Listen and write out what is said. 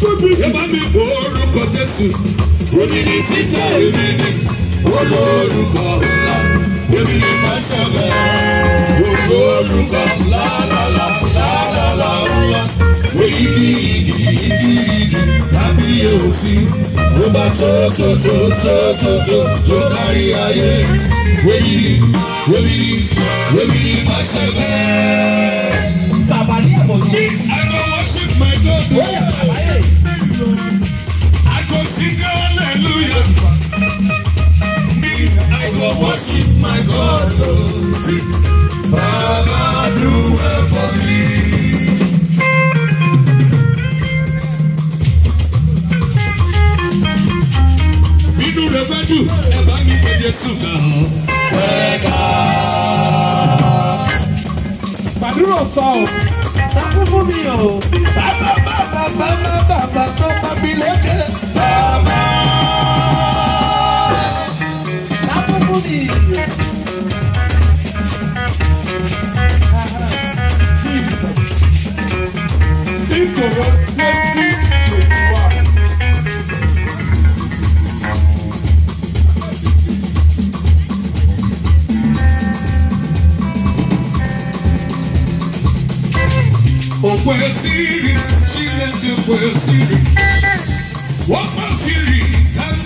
Ẹ bá mi kó orúkọ Jésù. ti títẹ̀ èmi ni olórúkọ ńlá. Èmi ni máa ṣọ̀gá. Olórúkọ ńlá lálá lálá ńlá. Oyigi igi igi igi tàbí Osi, Ó bá tó tó tó tó tó tó tó kárí ayé. Oyigi oyigi oyigi máa ṣọ̀gá. Bàbá ní ẹ̀bọ̀n oh, worship my God. Oh, sing. Baba, do well for me. Inú rẹ̀ bá jù, ẹ bá mi pè Jésù náà. Pẹ̀ka. Gbàdúrà o, sá fún fún o. Bàbá. where's Kwesiri, she left the Kwesiri. What was Siri?